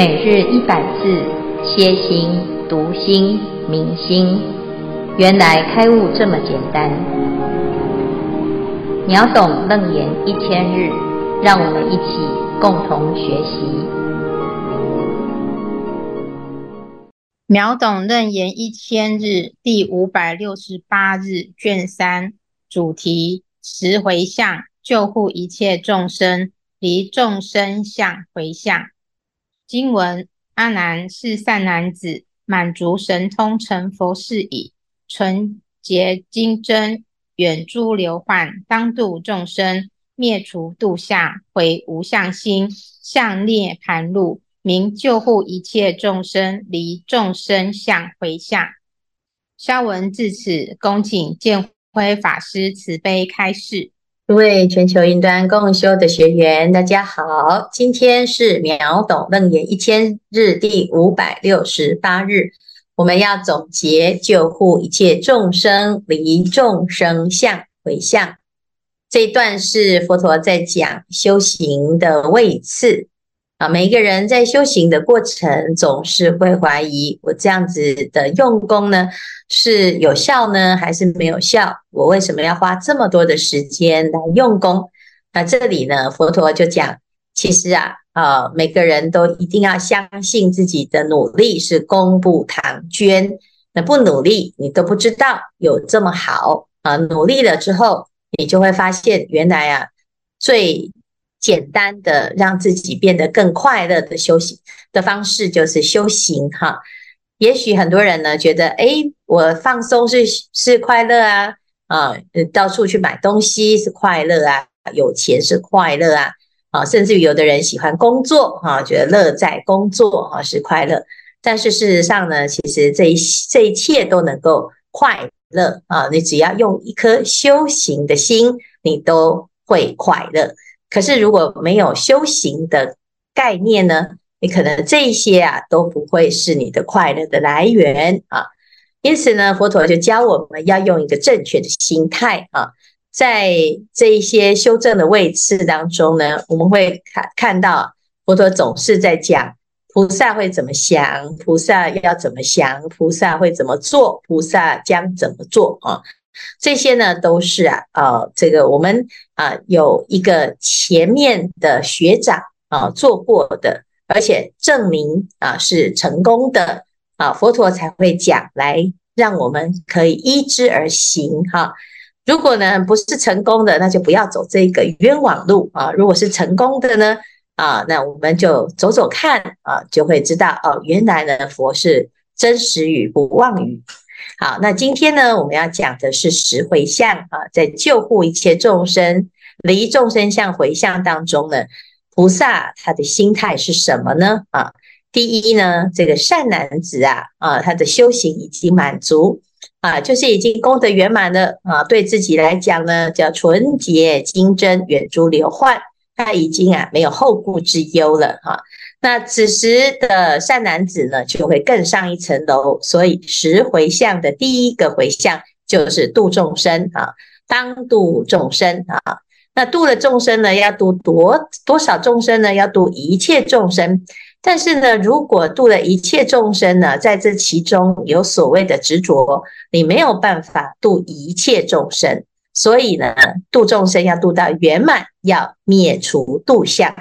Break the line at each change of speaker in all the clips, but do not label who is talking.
每日一百字，歇心、讀心、明心，原來開悟這麼簡單。秒懂楞嚴一千日，讓我們一起共同學習。秒懂楞嚴一千日第五百六十八日卷三主題：十回向，救護一切眾生，離眾生相回向。經文，阿難，是善男子，滿足神通，成佛事已。純潔精真，遠諸流患，當度眾生，滅除度相，迴無相心，向涅盤路，明救護一切眾生，離眾生相迴向。蕭文至此，恭請見輝法師慈悲開示。各位全球雲端共修的學員，大家好！今天是秒懂楞嚴一千日第五百六十八日，我們要總結救護一切眾生，離眾生相回向。這一段是佛陀在講修行的位次。啊，每一個人在修行的過程，總是會懷疑我這樣子的用功呢，是有效呢，還是沒有效？我為什麼要花這麼多的時間來用功？那這裡呢，佛陀就講，其實啊，呃、啊，每個人都一定要相信自己的努力是功不唐捐。那不努力，你都不知道有這麼好啊。努力了之後，你就會發現，原來啊，最簡單的讓自己變得更快樂的修行的方式，就是修行哈。也許很多人呢覺得，哎、欸，我放鬆是是快樂啊，啊，到處去買東西是快樂啊，有錢是快樂啊，啊，甚至於有的人喜歡工作啊，覺得樂在工作啊，是快樂。但是事實上呢，其實這一這一切都能夠快樂啊，你只要用一顆修行的心，你都會快樂。可是如果沒有修行的概念呢，你可能這些啊都不會是你的快樂的來源啊。因此呢，佛陀就教我們要用一個正確的心態啊，在這一些修正的位置當中呢，我們會看看到佛陀總是在講菩薩會怎麼想，菩薩要怎麼想，菩薩會怎麼做，菩薩將怎麼做啊。這些呢，都是啊，呃，這個我們啊、呃、有一個前面的學長啊、呃、做過的，而且證明啊、呃、是成功的啊、呃，佛陀才會講來讓我們可以依之而行哈、呃。如果呢不是成功的，那就不要走這個冤枉路啊、呃。如果是成功的呢，啊、呃，那我們就走走看啊、呃，就會知道哦、呃，原來呢佛是真實語不妄語。好，那今天呢，我們要講的是十迴向。啊，在救護一切眾生、離眾生相回向當中呢，菩薩他的心態是什麼呢？啊，第一呢，這個善男子啊，啊，他的修行已經滿足啊，就是已經功德圓滿了啊，對自己來講呢，叫純潔、精真，遠諸留患，他已經啊沒有後顧之憂了啊那此時的善男子呢，就會更上一層樓。所以十迴向的第一個迴向就是度眾生啊，當度眾生啊。那度了眾生呢，要度多多少眾生呢？要度一切眾生。但是呢，如果度了一切眾生呢，在這其中有所謂的執着，你沒有辦法度一切眾生。所以呢，度眾生要度到圓滿，要滅除度相。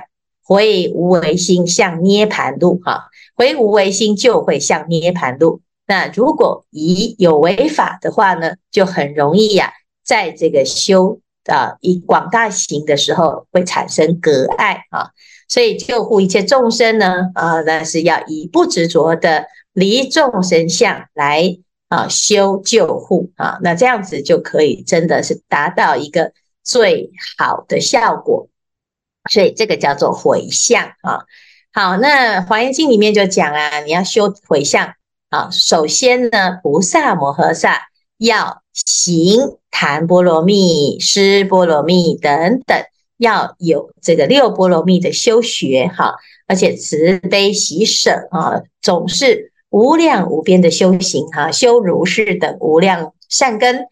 回無為心向涅槃路哈、啊，回無為心就會向涅槃路。那如果以有為法的話呢，就很容易呀、啊，在這個修啊以廣大行的時候會產生隔礙啊。所以救護一切眾生呢，啊，那是要以不執着的離眾生相來啊修救護啊。那這樣子就可以真的是達到一個最好的效果。所以這個叫做迴向啊。好，那華嚴經裡面就講啊，你要修迴向啊。首先呢，菩薩摩訶薩要行檀波羅蜜、屍波羅蜜等等，要有這個六波羅蜜的修學哈、啊。而且慈悲喜捨啊，總是無量無邊的修行哈、啊。修如是等無量善根，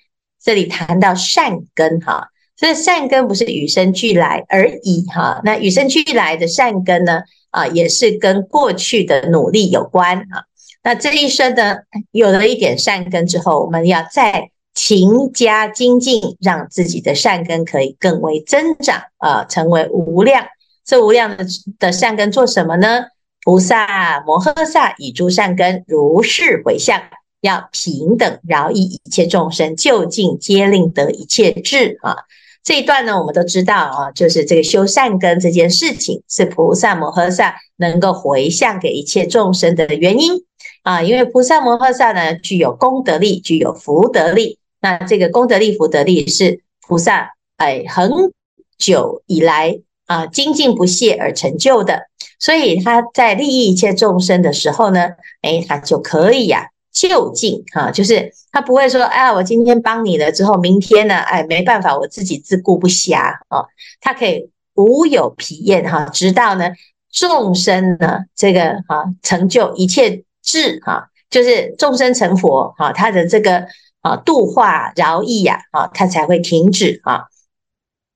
這裡談到善根哈。啊這善根不是與生俱來而已哈、啊，那與生俱來的善根呢？啊、呃，也是跟過去的努力有關啊。那這一生呢，有了一點善根之後，我們要再勤加精進，讓自己的善根可以更為增長啊、呃，成為無量。這無量的的善根做什麼呢？菩薩摩訶薩以諸善根如是迴向。要平等饒益一切眾生，究竟皆令得一切智啊。這一段呢，我們都知道啊，就是這個修善根這件事情，是菩薩摩訶薩能夠回向給一切眾生的原因啊。因為菩薩摩訶薩呢，具有功德力，具有福德力。那這個功德力、福德力是菩薩哎，很久以來啊，精進不懈而成就的。所以他在利益一切眾生的時候呢，哎，他就可以呀、啊。究竟啊，就是他不會說，哎，我今天幫你了之後，明天呢，哎，沒辦法，我自己自顧不暇啊。他可以無有疲厭哈，直到呢眾生呢這個啊成就一切智啊，就是眾生成佛啊，他的這個啊度化饒益呀啊，啊，他才會停止啊。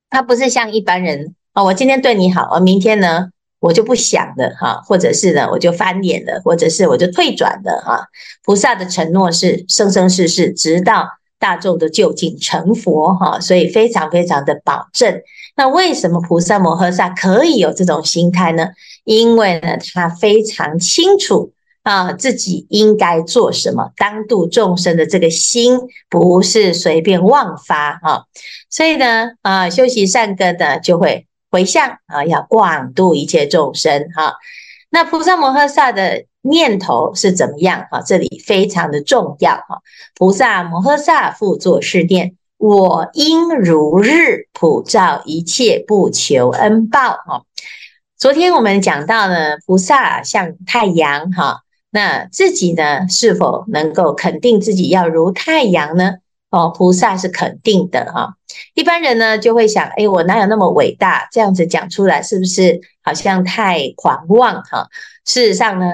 他不是像一般人啊，我今天對你好，我明天呢？我就不想了哈，或者是呢，我就翻臉了，或者是我就退轉了啊。菩薩的承諾是生生世世，直到大眾都究竟成佛哈，所以非常非常的保證。那為什麼菩薩摩訶薩可以有這種心態呢？因為呢，他非常清楚啊，自己應該做什麼，當度眾生的這個心不是隨便妄發哈，所以呢，啊，修習善根呢就會。迴向啊，要廣度一切眾生哈。那菩薩摩訶薩的念頭是怎麼樣啊？這裡非常的重要哈。菩薩摩訶薩復作是念：我應如日普照一切，不求恩報哈。昨天我們講到呢，菩薩像太陽哈，那自己呢是否能夠肯定自己要如太陽呢？哦，菩薩是肯定的哈、啊，一般人呢就會想，哎，我哪有那麼偉大？這樣子講出來是不是好像太狂妄哈、啊？事實上呢，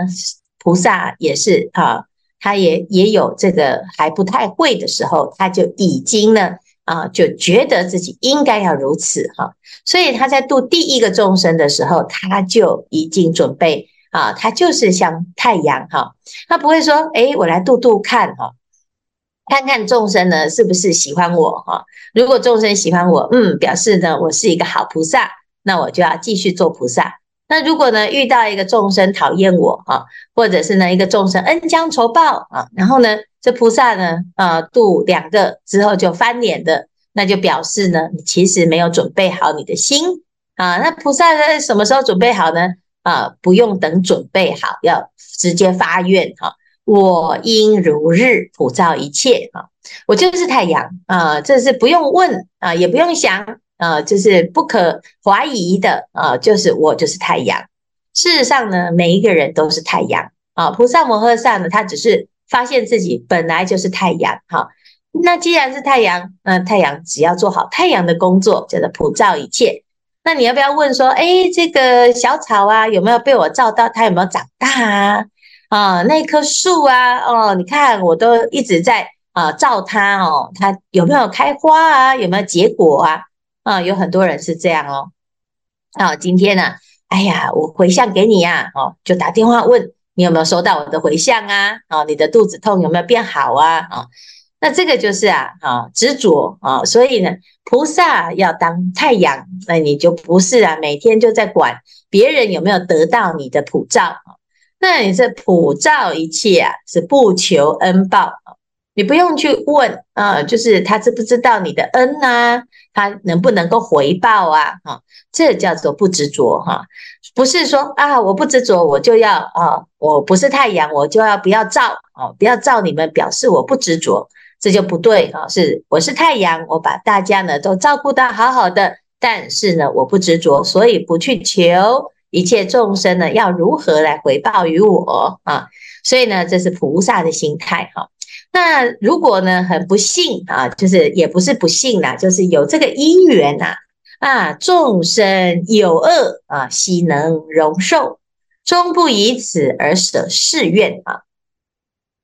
菩薩也是啊，他也也有這個還不太會的時候，他就已經呢啊，就覺得自己應該要如此哈、啊，所以他在度第一個眾生的時候，他就已經準備啊，他就是像太陽哈、啊，他不會說，哎，我來度度看哈。啊看看眾生呢是不是喜歡我哈？如果眾生喜歡我，嗯，表示呢我是一個好菩薩，那我就要繼續做菩薩。那如果呢遇到一個眾生討厭我哈，或者是呢一個眾生恩將仇報啊，然後呢這菩薩呢啊、呃、度兩個之後就翻臉的，那就表示呢你其實沒有準備好你的心啊。那菩薩呢，什麼時候準備好呢？啊，不用等準備好，要直接發願哈。啊我應如日普照一切啊！我就是太陽啊、呃！這是不用問啊、呃，也不用想啊、呃，就是不可懷疑的啊、呃，就是我就是太陽。事實上呢，每一個人都是太陽啊！菩薩摩訶薩呢，他只是發現自己本來就是太陽哈、啊。那既然是太陽，那太陽只要做好太陽的工作，叫做普照一切。那你要不要問說，哎、欸，這個小草啊，有沒有被我照到？它有沒有長大啊？啊，那棵樹啊，哦，你看我都一直在啊照它哦，它有沒有開花啊，有沒有結果啊？啊，有很多人是這樣哦。那、啊、今天呢、啊，哎呀，我回向給你呀、啊，哦，就打電話問你有沒有收到我的回向啊？哦、啊，你的肚子痛有沒有變好啊？啊，那這個就是啊，啊執着啊，所以呢，菩薩要當太陽，那你就不是啊，每天就在管別人有沒有得到你的普照。那你是普照一切啊，是不求恩報，你不用去問啊、呃，就是他知不知道你的恩呢、啊？他能不能夠回報啊？啊，這叫做不執着哈、啊，不是說啊，我不執着我就要啊，我不是太陽我就要不要照哦、啊，不要照你們表示我不執着，這就不對啊，是我是太陽，我把大家呢都照顧得好好的，但是呢我不執着，所以不去求。一切眾生呢，要如何來回報於我啊？所以呢，這是菩薩的心態哈、啊。那如果呢，很不幸啊，就是也不是不幸啦、啊，就是有這個因緣吶啊，啊，眾生有惡啊，悉能容受，終不以此而捨誓願啊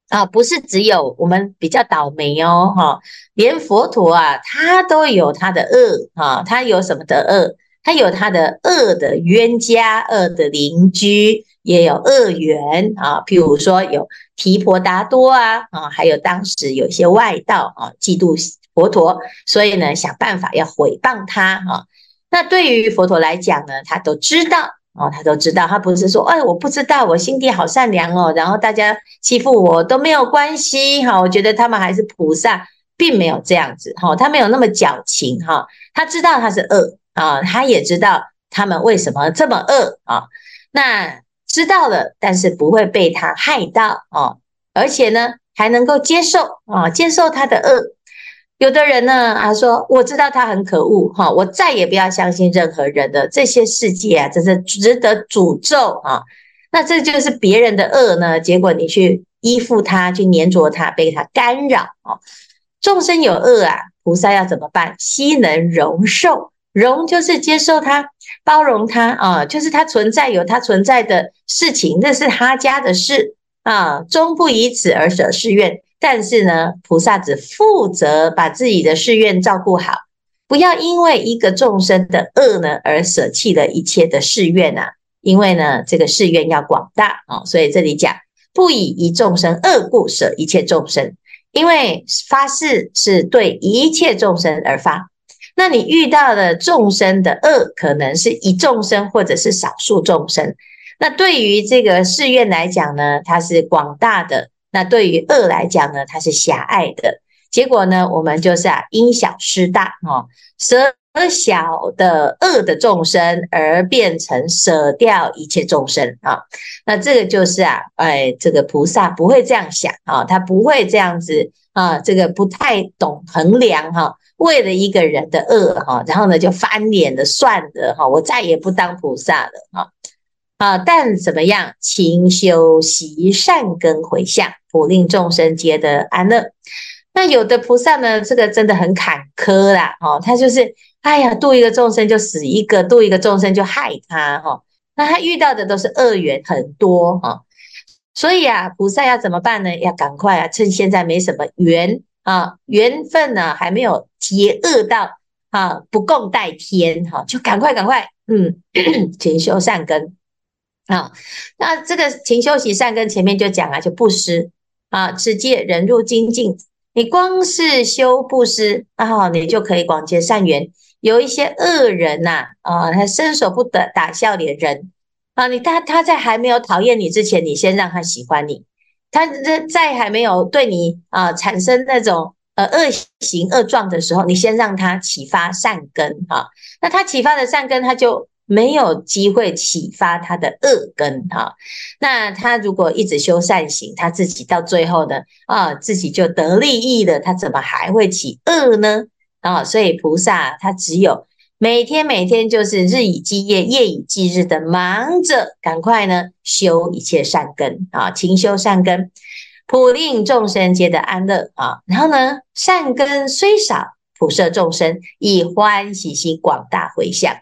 啊！不是只有我們比較倒霉哦哈、啊，連佛陀啊，他都有他的惡啊，他有什麼的惡？他有他的惡的冤家，惡的鄰居，也有惡緣啊。譬如說有提婆達多啊，啊，還有當時有一些外道啊，嫉妒佛陀，所以呢，想辦法要毀謗他啊。那對於佛陀來講呢，他都知道哦、啊，他都知道，他不是說，哎，我不知道，我心地好善良哦，然後大家欺負我都沒有關係哈、啊。我覺得他們還是菩薩，並沒有這樣子哈、啊，他沒有那麼矯情哈、啊，他知道他是惡。啊，他也知道他們為什麼這麼惡啊？那知道了，但是不會被他害到哦、啊，而且呢，還能夠接受啊，接受他的惡。有的人呢，啊，說：“我知道他很可惡，哈、啊，我再也不要相信任何人的這些世界啊，真是值得詛咒啊！”那這就是別人的惡呢？結果你去依附他，去黏着他，被他干擾啊！眾生有惡啊，菩薩要怎麼辦？悉能容受。容就是接受他，包容他啊，就是他存在有他存在的事情，那是他家的事啊，終不以此而捨誓願。但是呢，菩薩只負責把自己的誓願照顧好，不要因為一個眾生的惡呢而捨棄了一切的誓願啊。因為呢，這個誓願要廣大哦，啊，所以這裡講不以一眾生惡故捨一切眾生，因為發誓是對一切眾生而發。那你遇到的眾生的惡，可能是一眾生或者是少數眾生。那對於這個誓願來講呢，它是廣大的；那對於惡來講呢，它是狹隘的。結果呢，我們就是啊，因小失大哦，舍小的惡的眾生而變成舍掉一切眾生啊、哦。那這個就是啊，哎，這個菩薩不會這樣想啊、哦，他不會這樣子啊，這個不太懂衡量哈。哦為了一個人的惡哈，然後呢就翻臉的，算了哈，我再也不當菩薩了哈啊！但怎麼樣，勤修習善根回向，普令眾生皆得安樂。那有的菩薩呢，這個真的很坎坷啦、哦、他就是哎呀，度一個眾生就死一個，度一個眾生就害他哈、哦。那他遇到的都是惡緣很多哈、哦，所以啊，菩薩要怎麼辦呢？要趕快啊，趁現在沒什麼緣。啊，緣分呢、啊、還沒有結惡到啊不共戴天哈、啊，就趕快趕快，嗯，勤 修善根啊。那這個勤修習善根前面就講了、啊，就布施啊，持戒、忍辱、精進。你光是修布施，啊，你就可以廣結善緣。有一些惡人吶、啊，啊，他伸手不得打，打笑臉人啊。你他他在還沒有討厭你之前，你先讓他喜歡你。他在在還沒有對你啊、呃、產生那種呃惡行惡狀的時候，你先讓他啟發善根哈、啊。那他啟發的善根，他就沒有機會啟發他的惡根哈、啊。那他如果一直修善行，他自己到最後呢啊，自己就得利益了，他怎麼還會起惡呢？啊，所以菩薩他只有。每天每天就是日以繼夜、夜以繼日的忙着，趕快呢修一切善根啊，勤修善根，普令眾生皆得安樂啊。然後呢，善根雖少，普攝眾生以歡喜心廣大回向。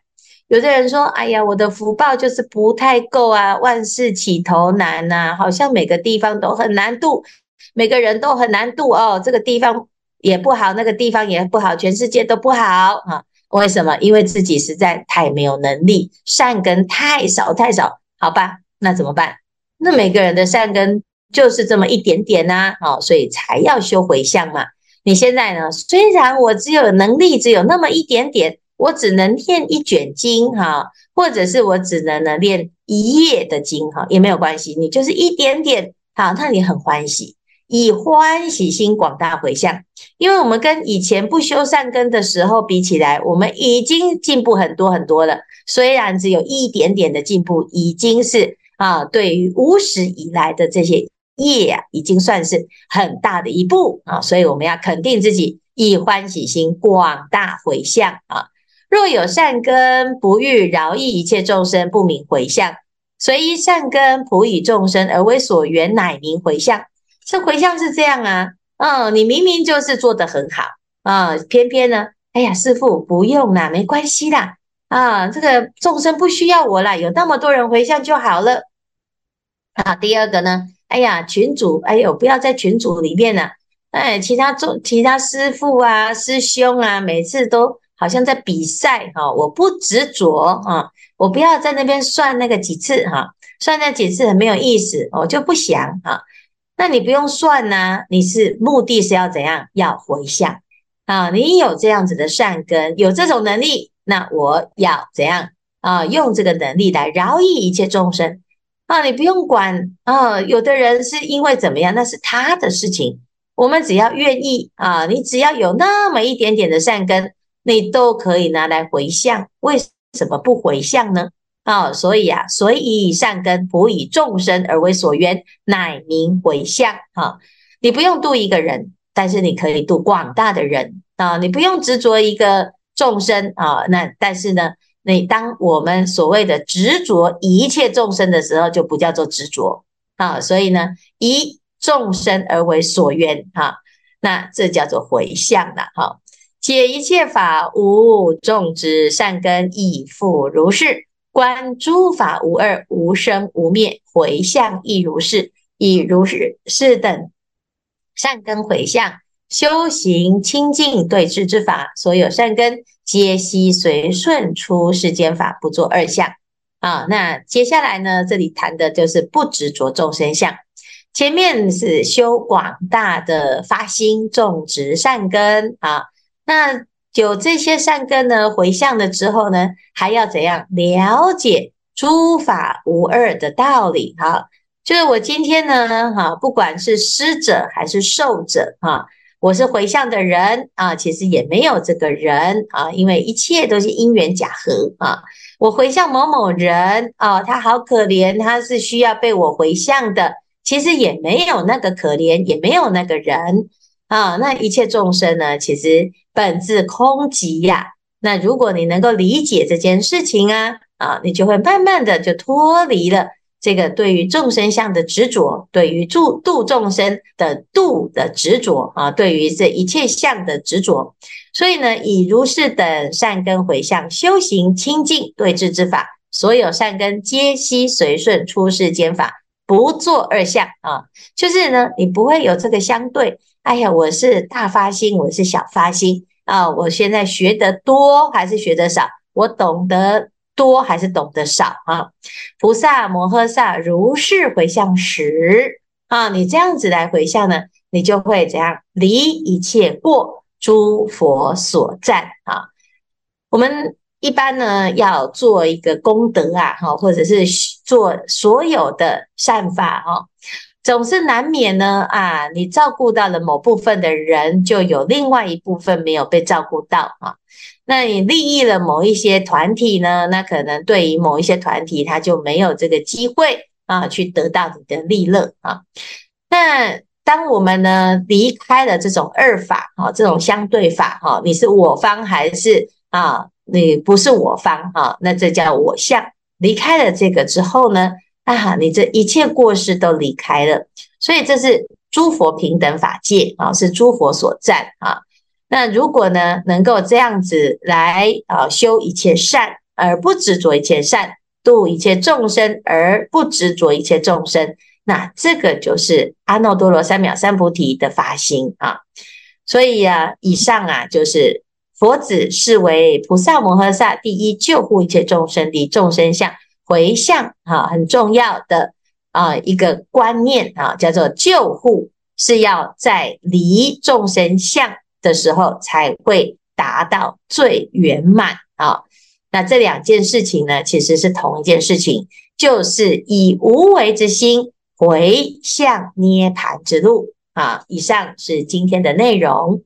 有的人說：“哎呀，我的福報就是不太夠啊，萬事起頭難吶，啊，好像每個地方都很難度，每個人都很難度哦，這個地方也不好，那個地方也不好，全世界都不好啊。”為什麼？因為自己實在太沒有能力，善根太少太少，好吧？那怎麼辦？那每個人的善根就是這麼一點點吶、啊，哦，所以才要修回向嘛。你現在呢？雖然我只有能力只有那麼一點點，我只能念一卷經哈，或者是我只能呢念一頁的經哈，也沒有關係，你就是一點點好、哦，那你很歡喜，以歡喜心廣大回向。因為我們跟以前不修善根的時候比起來，我們已經進步很多很多了。雖然只有一點點的進步，已經是啊，對於無始以來的這些業啊，已經算是很大的一步啊。所以我們要肯定自己，以歡喜心廣大迴向啊。若有善根不欲饒益一切眾生，不名迴向；隨一善根普與眾生而為所緣，乃名迴向。這迴向是這樣啊。嗯、哦，你明明就是做得很好啊、哦，偏偏呢，哎呀，師父不用啦，沒關係啦，啊，這個眾生不需要我啦，有那麼多人回向就好了。好，第二個呢，哎呀，群組，哎呦，不要在群組裡面了，哎，其他眾，其他師父啊，師兄啊，每次都好像在比賽哈、哦，我不執着啊、哦，我不要在那邊算那個幾次哈、哦，算那幾次很沒有意思，我就不想哈。哦那你不用算吶、啊，你是目的是要怎樣？要回向啊！你有這樣子的善根，有這種能力，那我要怎樣啊？用這個能力來饒益一切眾生啊！你不用管啊，有的人是因為怎麼樣，那是他的事情。我們只要願意啊，你只要有那麼一點點的善根，你都可以拿來回向。為什麼不回向呢？啊、哦，所以呀，啊，所以善根不以眾生而為所緣，乃名回向。哈，哦，你不用度一個人，但是你可以度廣大的人啊，哦。你不用執着一個眾生啊，哦，那但是呢，你當我們所謂的執着一切眾生的時候，就不叫做執着啊、哦。所以呢，以眾生而為所緣，哈，哦，那這叫做回向了哈，哦。解一切法無眾之善根，亦復如是。觀諸法無二無生無滅，迴向亦如是，以如是是等善根迴向修行清淨對治之法，所有善根皆悉隨順出世間法，不作二相。啊，那接下來呢，這裡談的就是不執着眾生相。前面是修廣大的發心，種植善根。啊那。有這些善根呢，回向了之後呢，還要怎樣了解諸法無二的道理？好，就是我今天呢，哈，不管是施者還是受者，哈，我是回向的人啊，其實也沒有這個人啊，因為一切都是因緣假合啊。我回向某某人啊，他好可憐，他是需要被我回向的，其實也沒有那個可憐，也沒有那個人。啊，那一切眾生呢？其實本質空寂呀，啊。那如果你能夠理解這件事情啊，啊，你就會慢慢的就脫離了這個對於眾生相的執着，對於助度眾生的度的執着啊，對於這一切相的執着。所以呢，以如是等善根回向修行清淨對治之法，所有善根皆悉隨順出世間法，不做二相啊。就是呢，你不會有這個相對。哎呀，我是大發心，我是小發心啊！我現在學得多還是學得少？我懂得多還是懂得少啊？菩薩摩訶薩如是回向時啊，你這樣子來回向呢，你就會怎樣？離一切過，諸佛所讚啊。我們一般呢要做一個功德啊，哈，或者是做所有的善法啊。總是難免呢啊，你照顧到了某部分的人，就有另外一部分沒有被照顧到啊。那你利益了某一些團體呢，那可能對於某一些團體，他就沒有這個機會啊，去得到你的利樂啊。那當我們呢離開了這種二法啊，這種相對法哈、啊，你是我方還是啊，你不是我方啊？那這叫我相，離開了這個之後呢？啊，你這一切過失都離開了，所以這是諸佛平等法界啊，是諸佛所讚啊。那如果呢，能夠這樣子來啊，修一切善而不執着一切善，度一切眾生而不執着一切眾生，那這個就是阿耨多羅三藐三菩提的發心啊。所以啊，以上啊，就是佛子是為菩薩摩訶薩第一救護一切眾生的眾生相。回向啊，很重要的啊一個觀念啊，叫做救護，是要在離眾生相的時候才會達到最圓滿啊。那這兩件事情呢，其實是同一件事情，就是以無為之心回向涅槃之路啊。以上是今天的內容。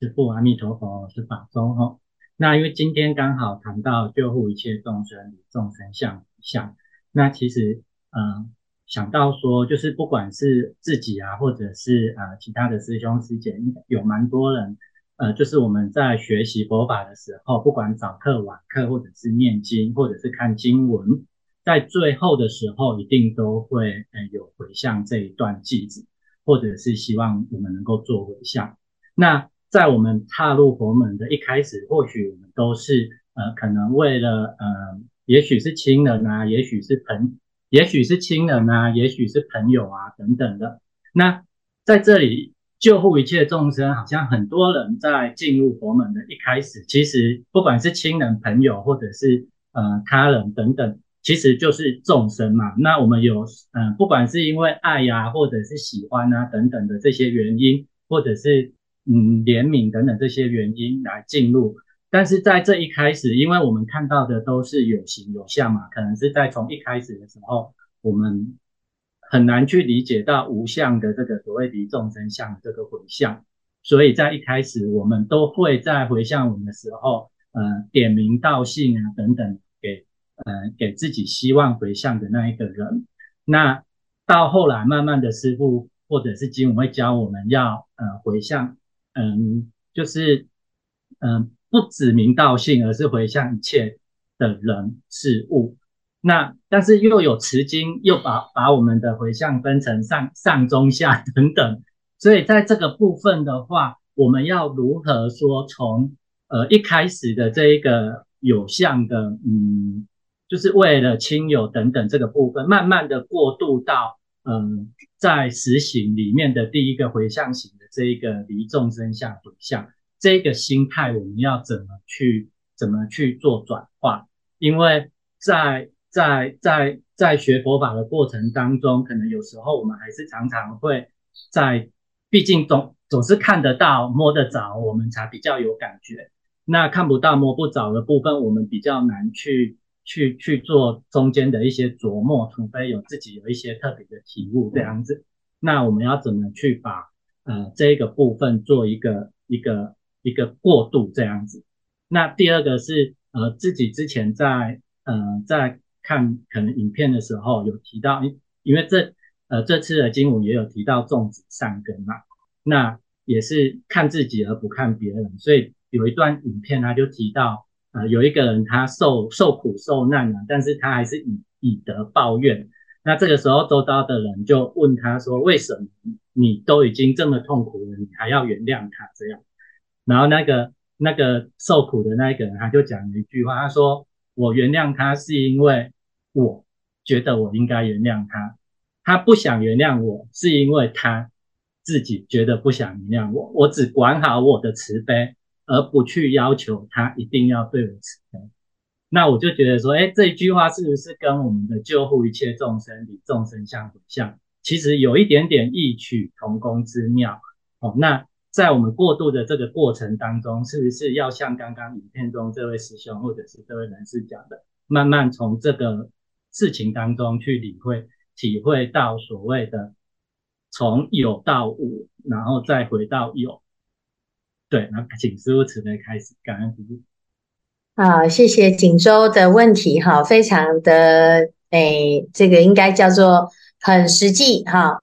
是不阿彌陀佛，是法周那因為今天剛好談到救護一切眾生離眾生相回向，那其實嗯、呃、想到說就是不管是自己啊，或者是啊、呃、其他的師兄師姐，應該有蠻多人，呃，就是我們在學習佛法的時候，不管早課、晚課，或者是念經，或者是看經文，在最後的時候一定都會有回向這一段記憶，或者是希望我們能夠做回向。那。在我們踏入佛門的一開始，或許我們都是呃，可能為了呃，也許是親人啊，也許是朋，也許是親人啊，也許是朋友啊等等的。那在這裡救護一切眾生，好像很多人在進入佛門的一開始，其實不管是親人、朋友，或者是呃他人等等，其實就是眾生嘛。那我們有嗯、呃，不管是因為愛呀、啊，或者是喜歡啊等等的這些原因，或者是。嗯，憐憫等等這些原因來進入，但是在這一開始，因為我們看到的都是有形有相嘛，可能是在從一開始的時候，我們很難去理解到無相的這個所謂離眾生相這個迴向，所以在一開始我們都會在迴向文的時候，呃，點名道姓啊等等給，給呃給自己希望迴向的那一個人。那到後來慢慢的，師父或者是經文會教我們要呃迴向。嗯，就是嗯，不指名道姓，而是回向一切的人事物。那但是又有持經，又把把我們的回向分成上上中下等等。所以在這個部分的話，我們要如何說從呃一開始的這一個有相的，嗯，就是為了親友等等這個部分，慢慢的過渡到嗯、呃，在實行裡面的第一個回向行。這個離眾生相迴向這個心態，我們要怎麼去怎麼去做轉化？因為在在在在學佛法的過程當中，可能有時候我們還是常常會在，畢竟總總是看得到、摸得着我們才比較有感覺。那看不到、摸不着的部分，我們比較難去去去做中間的一些琢磨，除非有自己有一些特別的體悟這樣子。那我們要怎麼去把？呃，這個部分做一個一個一個過渡這樣子。那第二個是呃，自己之前在呃在看可能影片的時候有提到，因為這呃這次的經文也有提到“種子善根”嘛，那也是看自己而不看別人。所以有一段影片他就提到，呃，有一個人他受受苦受難了，但是他還是以以德報怨。那這個時候周遭的人就問他說：“為什麼？”你都已經這麼痛苦了，你還要原諒他這樣？然後那個那個受苦的那個人，他就講了一句話，他說：“我原諒他，是因為我覺得我應該原諒他。他不想原諒我，是因為他自己覺得不想原諒我。我只管好我的慈悲，而不去要求他一定要對我慈悲。那我就覺得說，哎，這一句話是不是跟我們的救護一切眾生離眾生相很像？”其實有一點點異曲同工之妙哦。那在我們過渡的這個過程當中，是不是要像剛剛影片中這位師兄或者是這位男士講的，慢慢從這個事情當中去理會、體會到所謂的從有到無，然後再回到有。對，那請師父此刻開始感恩師父。
好，謝謝錦州的問題哈，非常的哎，這個應該叫做。很實際哈、啊，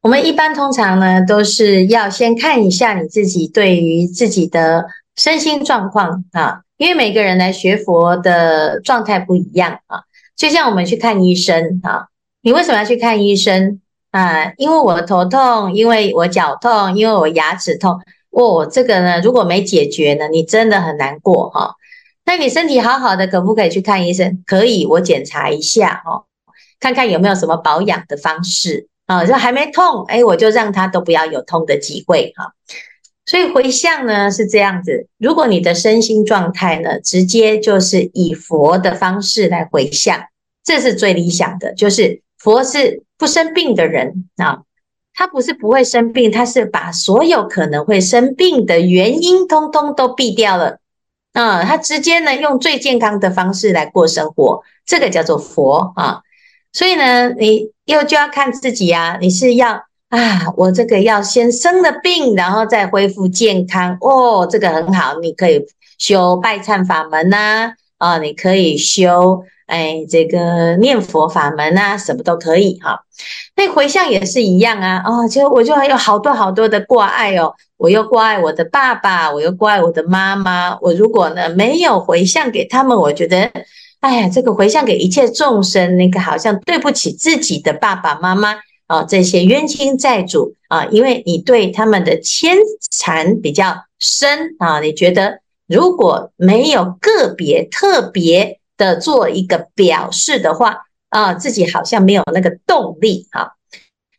我們一般通常呢都是要先看一下你自己對於自己的身心狀況啊，因為每個人來學佛的狀態不一樣啊，就像我們去看醫生啊，你為什麼要去看醫生啊？因為我的頭痛，因為我腳痛，因為我牙齒痛，哦，這個呢如果沒解決呢，你真的很難過哈、啊。那你身體好好的，可不可以去看醫生？可以，我檢查一下哈。啊看看有沒有什麼保養的方式啊？就還沒痛，誒，欸，我就讓他都不要有痛的機會啊。所以回向呢是這樣子：如果你的身心狀態呢，直接就是以佛的方式來回向，這是最理想的。就是佛是不生病的人啊，他不是不會生病，他是把所有可能會生病的原因通通都避掉了。嗯，他直接呢用最健康的方式來過生活，這個叫做佛啊。所以呢，你又就要看自己啊，你是要啊，我這個要先生了病，然後再恢復健康哦，這個很好，你可以修拜懺法門吶、啊，啊、哦，你可以修哎這個念佛法門吶、啊，什麼都可以哈、哦。那回向也是一樣啊，啊、哦，就我就還有好多好多的掛礙哦，我又掛礙我的爸爸，我又掛礙我的媽媽，我如果呢沒有回向給他們，我覺得。哎呀，這個回向給一切眾生，那個好像對不起自己的爸爸媽媽啊，這些冤親債主啊、哦，因為你對他們的牽纏比較深啊、哦，你覺得如果沒有個別特別的做一個表示的話啊、哦，自己好像沒有那個動力啊、哦，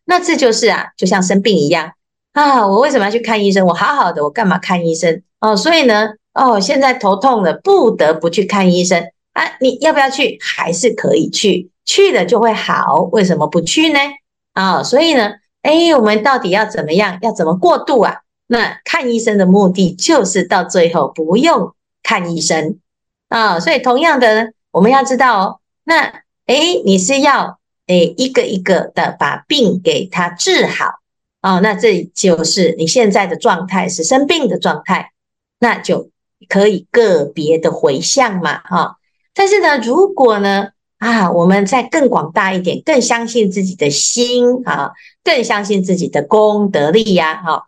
那這就是啊，就像生病一樣啊，我為什麼要去看醫生？我好好的，我幹嘛看醫生哦？所以呢，哦，現在頭痛了，不得不去看醫生。啊，你要不要去？還是可以去，去了就會好。為什麼不去呢？啊、哦，所以呢，哎，我們到底要怎麼樣？要怎麼過渡啊？那看醫生的目的就是到最後不用看醫生啊、哦。所以同樣的，呢，我們要知道，哦，那哎，你是要哎一個一個的把病給他治好啊、哦。那這就是你現在的狀態是生病的狀態，那就可以個別的回向嘛，哈、哦。但是呢，如果呢，啊，我們再更廣大一點，更相信自己的心啊，更相信自己的功德力呀、啊，哈、啊，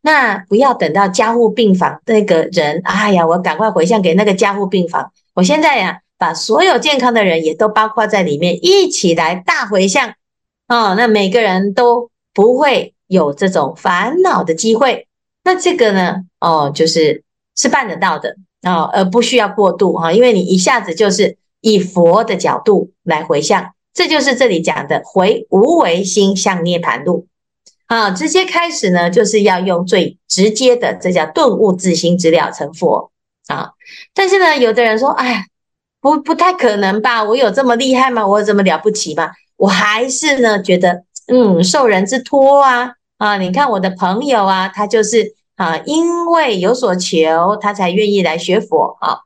那不要等到加護病房那個人，哎呀，我趕快回向給那個加護病房。我現在呀、啊，把所有健康的人也都包括在裡面，一起來大回向，哦、啊，那每個人都不會有這種煩惱的機會。那這個呢，哦、啊，就是是辦得到的。啊，呃、哦，而不需要過度哈，因為你一下子就是以佛的角度來回向，這就是這裡講的回無為心向涅槃路。啊，直接開始呢，就是要用最直接的，這叫頓悟自心直了成佛啊。但是呢，有的人說，哎，不不太可能吧？我有這麼厲害嗎？我有這麼了不起嗎？我還是呢，覺得嗯，受人之托啊啊，你看我的朋友啊，他就是。啊，因為有所求，他才願意來學佛啊。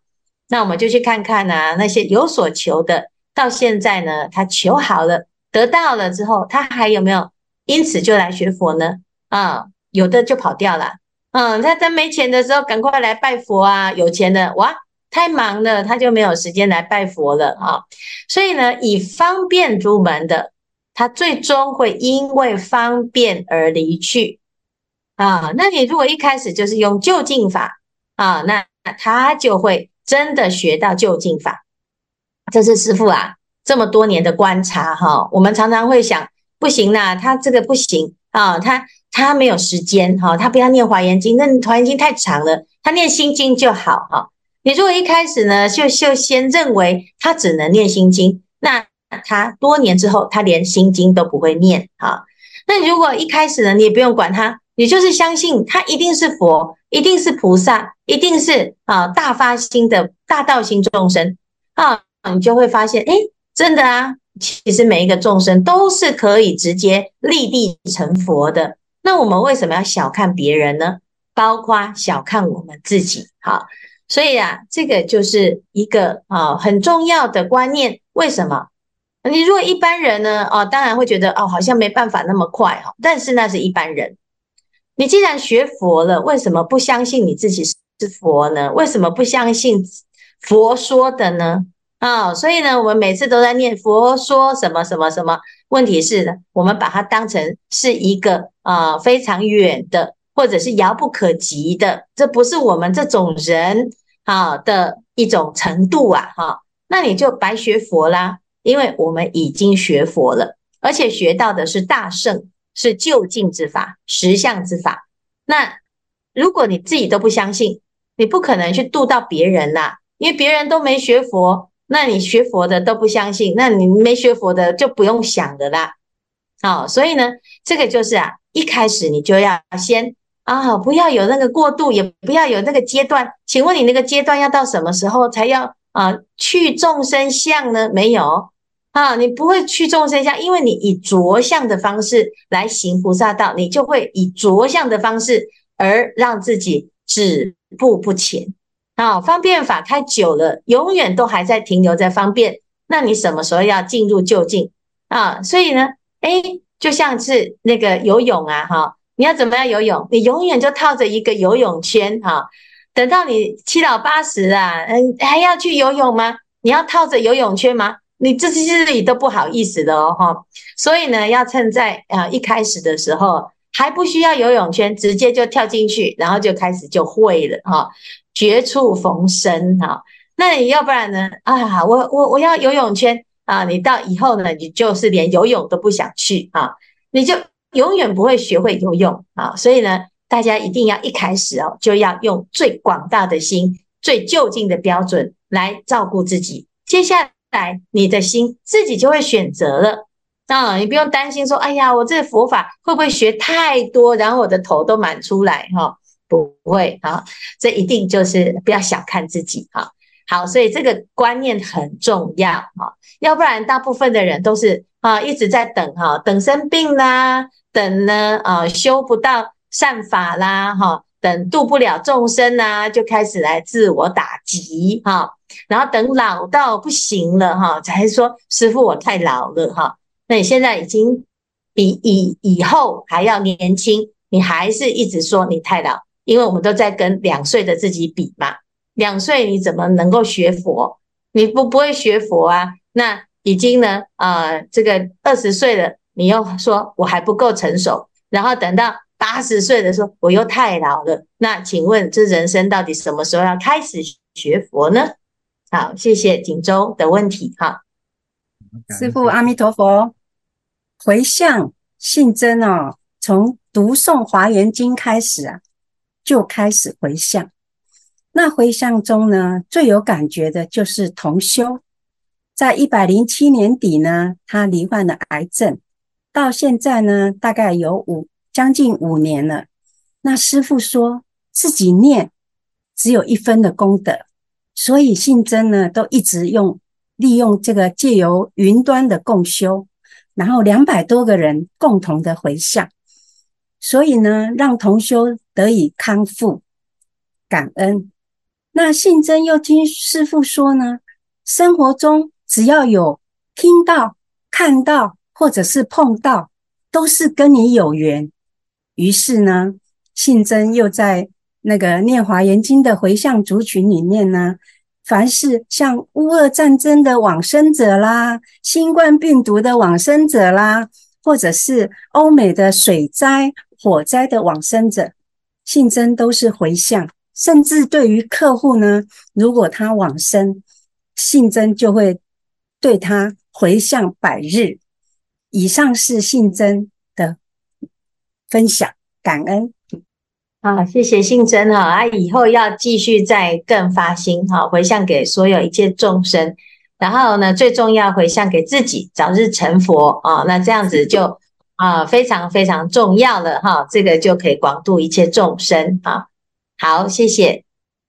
那我們就去看看呢、啊，那些有所求的，到現在呢，他求好了，得到了之後，他還有沒有因此就來學佛呢？啊，有的就跑掉了。嗯，他他沒錢的時候，趕快來拜佛啊；有錢的哇，太忙了，他就沒有時間來拜佛了啊。所以呢，以方便入門的，他最終會因為方便而離去。啊，那你如果一開始就是用究竟法啊，那他就會真的學到究竟法。這是師父啊，這麼多年的觀察哈、哦。我們常常會想，不行啦，他這個不行啊，他他沒有時間哈、哦，他不要念《華嚴經》，那《華嚴經》太長了，他念《心經》就好哈、哦。你如果一開始呢，就就先認為他只能念《心經》，那他多年之後，他連《心經》都不會念啊、哦。那如果一開始呢，你也不用管他。你就是相信他一定是佛，一定是菩薩，一定是啊大發心的大道心眾生啊，你就會發現，哎、欸，真的啊，其實每一個眾生都是可以直接立地成佛的。那我們為什麼要小看別人呢？包括小看我們自己，好，所以啊，這個就是一個啊很重要的觀念。為什麼？你如果一般人呢，啊，當然會覺得哦，好像沒辦法那麼快哈，但是那是一般人。你既然學佛了，為什麼不相信你自己是佛呢？為什麼不相信佛說的呢？啊、哦，所以呢，我們每次都在念佛說什麼什麼什麼？問題是，我們把它當成是一個啊、呃、非常遠的，或者是遙不可及的，這不是我們這種人啊、哦、的一種程度啊，哈、哦，那你就白學佛啦，因為我們已經學佛了，而且學到的是大聖。是究竟之法，實相之法。那如果你自己都不相信，你不可能去度到別人啦，因為別人都沒學佛，那你學佛的都不相信，那你沒學佛的就不用想了啦。好、哦，所以呢，這個就是啊，一開始你就要先啊，不要有那個過渡，也不要有那個階段。請問你那個階段要到什麼時候才要啊去眾生相呢？沒有。啊，你不會去眾生相，因為你以着相的方式來行菩薩道，你就會以着相的方式而讓自己止步不前。啊，方便法開久了，永遠都還在停留在方便。那你什麼時候要進入究竟啊？所以呢，哎、欸，就像是那個游泳啊，哈、啊，你要怎麼樣游泳？你永遠就套着一個游泳圈，哈、啊，等到你七老八十啊，嗯，還要去游泳嗎？你要套着游泳圈嗎？你這些這裡都不好意思的哦，哈，所以呢，要趁在啊、呃、一開始的時候還不需要游泳圈，直接就跳進去，然後就開始就會了哈、哦，絕處逢生哈、哦。那你要不然呢啊，我我我要游泳圈啊，你到以後呢，你就是連游泳都不想去啊，你就永遠不會學會游泳啊。所以呢，大家一定要一開始哦，就要用最廣大的心、最究竟的標準來照顧自己，接下來。來，你的心自己就會選擇了啊！你不用擔心說，哎呀，我這佛法會不會學太多，然後我的頭都滿出來哈、哦？不會啊，這一定就是不要小看自己哈、啊。好，所以這個觀念很重要哈、啊，要不然大部分的人都是啊一直在等哈、啊，等生病啦，等呢啊修不到善法啦哈、啊，等度不了眾生啦，就開始來自我打擊哈。啊然後等老到不行了哈，才說，師父，我太老了哈。那你現在已經比以以後還要年輕，你還是一直說你太老，因為我們都在跟兩歲的自己比嘛。兩歲你怎麼能夠學佛？你不不會學佛啊？那已經呢？呃，這個二十歲了，你又說我還不夠成熟。然後等到八十歲的時候，我又太老了。那請問這人生到底什麼時候要開始學佛呢？好，謝謝錦州
的問題。哈，師父阿彌陀佛，迴向信真哦。從讀誦華嚴經開始啊，就開始迴向。那迴向中呢，最有感覺的就是同修。在一百零七年底呢，他罹患了癌症，到現在呢，大概有五將近五年了。那師父說自己念只有一分的功德。所以信真呢，都一直用利用這個借由雲端的共修，然後兩百多個人共同的回向，所以呢，讓同修得以康復，感恩。那信真又聽師父說呢，生活中只要有聽到、看到或者是碰到，都是跟你有緣。於是呢，信真又在。那個念華嚴經的迴向族群裡面呢，凡是像烏俄戰爭的往生者啦、新冠病毒的往生者啦，或者是歐美的水災、火災的往生者，信真都是迴向。甚至對於客戶呢，如果他往生，信真就會對他迴向百日。以上是信真的分享，感恩。好，謝謝信真哈
啊！以後要繼續再更發心哈、啊，回向給所有一切眾生，然後呢，最重要回向給自己，早日成佛啊！那這樣子就啊，
非常非常重要了哈、啊，這個就可以廣度一切眾生啊。好，謝謝。